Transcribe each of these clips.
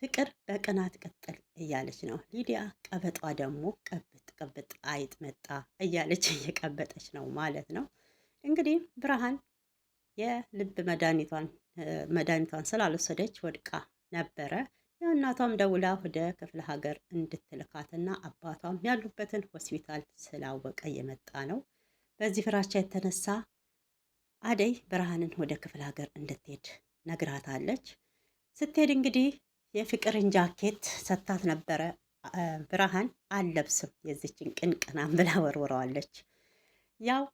ፍቅር በቅናት ቅጥል እያለች ነው። ሊዲያ ቀበጧ ደግሞ ቀብጥ ቀብጥ አይጥ መጣ እያለች እየቀበጠች ነው ማለት ነው። እንግዲህ ብርሃን የልብ መድኃኒቷን መድኃኒቷን ስላልወሰደች ወድቃ ነበረ። የእናቷም ደውላ ወደ ክፍለ ሀገር እንድትልካትና አባቷም ያሉበትን ሆስፒታል ስላወቀ የመጣ ነው። በዚህ ፍራቻ የተነሳ አደይ ብርሃንን ወደ ክፍለ ሀገር እንድትሄድ ነግራታለች። ስትሄድ እንግዲህ የፍቅርን ጃኬት ሰታት ነበረ። ብርሃን አልለብስም የዚችን ቅንቅናም ብላ ወርውረዋለች። ያው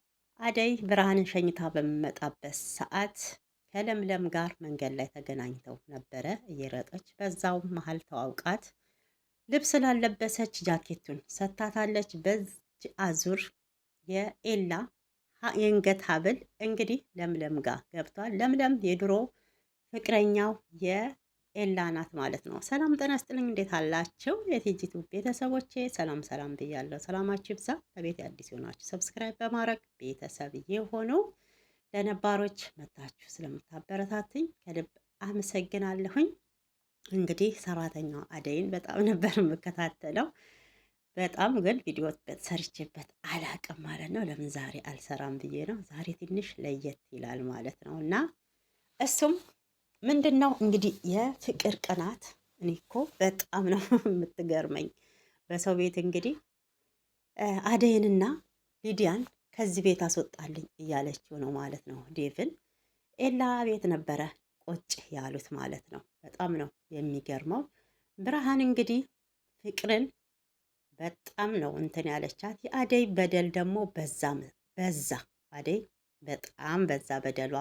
አደይ ብርሃንን ሸኝታ በምመጣበት ሰዓት ከለምለም ጋር መንገድ ላይ ተገናኝተው ነበረ እየረጠች በዛው መሀል ተዋውቃት ልብስ ላለበሰች ጃኬቱን ሰታታለች። በዚ አዙር የኤላ የእንገት ሀብል እንግዲህ ለምለም ጋር ገብቷል። ለምለም የድሮ ፍቅረኛው ኤላ ናት ማለት ነው። ሰላም ጤና ይስጥልኝ። እንዴት አላችሁ የቲጂቱ ቤተሰቦቼ? ሰላም ሰላም ብያለሁ። ሰላማችሁ ይብዛ። ለቤት አዲስ የሆናችሁ ሰብስክራይብ በማድረግ ቤተሰብ የሆኑ ለነባሮች መታችሁ ስለምታበረታትኝ ከልብ አመሰግናለሁኝ። እንግዲህ ሰራተኛዋ አደይን በጣም ነበር የምከታተለው። በጣም ግን ቪዲዮ ሰርቼበት አላቅም ማለት ነው። ለምን ዛሬ አልሰራም ብዬ ነው። ዛሬ ትንሽ ለየት ይላል ማለት ነው እና እሱም ምንድን ነው እንግዲህ የፍቅር ቅናት። እኔ እኮ በጣም ነው የምትገርመኝ። በሰው ቤት እንግዲህ አደይንና ሊዲያን ከዚህ ቤት አስወጣልኝ እያለችው ነው ማለት ነው። ዴቭን ኤላ ቤት ነበረ ቆጭ ያሉት ማለት ነው። በጣም ነው የሚገርመው። ብርሃን እንግዲህ ፍቅርን በጣም ነው እንትን ያለቻት። የአደይ በደል ደግሞ በዛ በዛ። አደይ በጣም በዛ በደሏ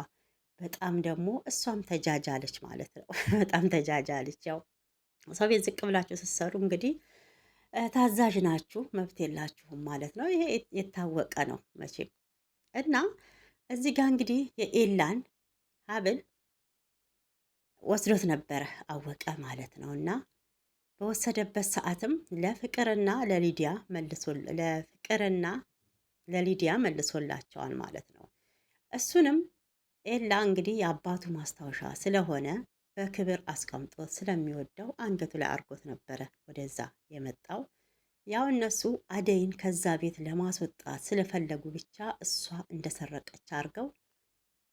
በጣም ደግሞ እሷም ተጃጃለች ማለት ነው። በጣም ተጃጃለች። ያው ሰው ቤት ዝቅ ብላችሁ ስትሰሩ እንግዲህ ታዛዥ ናችሁ፣ መብት የላችሁም ማለት ነው። ይሄ የታወቀ ነው መቼም እና እዚህ ጋር እንግዲህ የኤላን ሀብል ወስዶት ነበረ አወቀ ማለት ነው። እና በወሰደበት ሰዓትም ለፍቅርና ለሊዲያ ለፍቅርና ለሊዲያ መልሶላቸዋል ማለት ነው። እሱንም ኤላ እንግዲህ የአባቱ ማስታወሻ ስለሆነ በክብር አስቀምጦ ስለሚወደው አንገቱ ላይ አድርጎት ነበረ ወደዛ የመጣው። ያው እነሱ አደይን ከዛ ቤት ለማስወጣት ስለፈለጉ ብቻ እሷ እንደሰረቀች አድርገው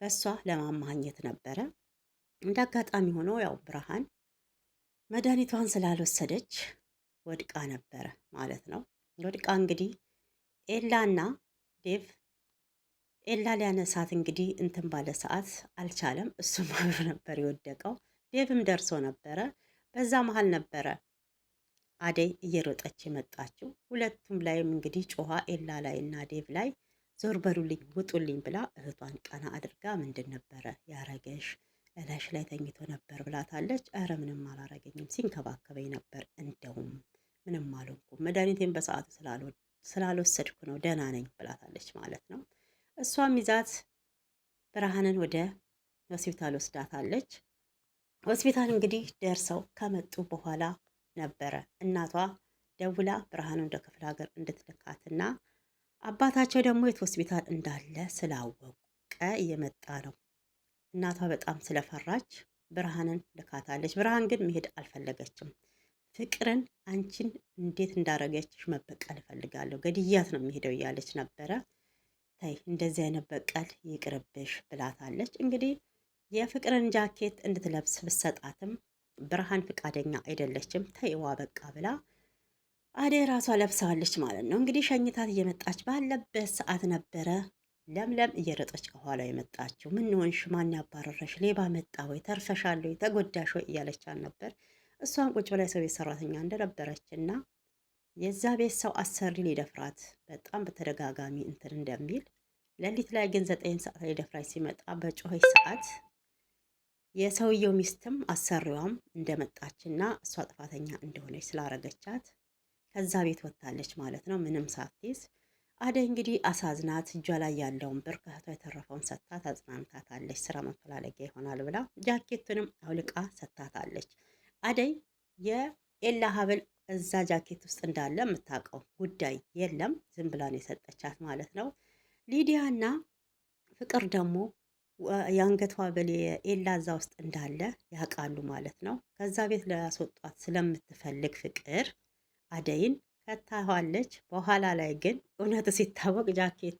በእሷ ለማማኘት ነበረ። እንደ አጋጣሚ ሆኖ ያው ብርሃን መድኃኒቷን ስላልወሰደች ወድቃ ነበረ ማለት ነው። ወድቃ እንግዲህ ኤላና ዴቭ ኤላ ሊያነሳት እንግዲህ እንትን ባለ ሰዓት አልቻለም። እሱም አብሮ ነበር የወደቀው። ዴቭም ደርሶ ነበረ። በዛ መሀል ነበረ አደይ እየሮጠች የመጣችው። ሁለቱም ላይም እንግዲህ ጮኋ ኤላ ላይ እና ዴቭ ላይ ዞር በሉልኝ፣ ውጡልኝ ብላ እህቷን ቀና አድርጋ ምንድን ነበረ ያረገሽ እላሽ ላይ ተኝቶ ነበር ብላታለች። እረ ምንም አላረገኝም፣ ሲንከባከበኝ ነበር። እንደውም ምንም አልሆንኩም፣ መድኃኒቴን በሰዓቱ ስላልወሰድኩ ነው፣ ደህና ነኝ ብላታለች ማለት ነው። እሷም ይዛት ብርሃንን ወደ ሆስፒታል ወስዳታለች። ሆስፒታል እንግዲህ ደርሰው ከመጡ በኋላ ነበረ እናቷ ደውላ ብርሃኑ ወደ ክፍለ ሀገር እንድትልካትና አባታቸው ደግሞ የት ሆስፒታል እንዳለ ስላወቀ እየመጣ ነው። እናቷ በጣም ስለፈራች ብርሃንን ልካታለች። ብርሃን ግን መሄድ አልፈለገችም። ፍቅርን አንቺን እንዴት እንዳረገች መበቀል እፈልጋለሁ፣ ገድያት ነው የሚሄደው እያለች ነበረ። ተይ እንደዚህ አይነት በቀል ይቅርብሽ ብላታለች። እንግዲህ የፍቅርን ጃኬት እንድትለብስ ብሰጣትም ብርሃን ፍቃደኛ አይደለችም። ተይዋ በቃ ብላ አደይ ራሷ ለብሰዋለች ማለት ነው። እንግዲህ ሸኝታት እየመጣች ባለበት ሰዓት ነበረ ለምለም እየረጠች ከኋላ የመጣችው። ምን ሆንሽ? ማን ያባረረሽ? ሌባ መጣ ወይ? ተርፈሻል ወይ? ተጎዳሽ ወይ? እያለች ነበር። እሷን ቁጭ ብላ ሰው ቤት ሰራተኛ እንደነበረች እና የዛ ቤት ሰው አሰሪ ሊደፍራት በጣም በተደጋጋሚ እንትን እንደሚል ሌሊት ላይ ግን ዘጠኝ ሰዓት ላይ ደፍራች ሲመጣ በጮኸች ሰዓት የሰውየው ሚስትም አሰሪዋም እንደመጣችና እሷ ጥፋተኛ እንደሆነች ስላረገቻት ከዛ ቤት ወጥታለች ማለት ነው። ምንም ሳትይዝ አደይ እንግዲህ አሳዝናት እጇ ላይ ያለውን ብር ከእህቷ የተረፈውን ሰጥታት አጽናንታታለች። ስራ መፈላለጊያ ይሆናል ብላ ጃኬቱንም አውልቃ ሰጥታታለች። አደይ የኤላ ሀብል እዛ ጃኬት ውስጥ እንዳለ የምታውቀው ጉዳይ የለም። ዝም ብላን የሰጠቻት ማለት ነው። ሊዲያ እና ፍቅር ደግሞ የአንገቷ በል ኤላ እዛ ውስጥ እንዳለ ያውቃሉ ማለት ነው። ከዛ ቤት ሊያስወጧት ስለምትፈልግ ፍቅር አደይን ከታኋለች። በኋላ ላይ ግን እውነት ሲታወቅ ጃኬቱ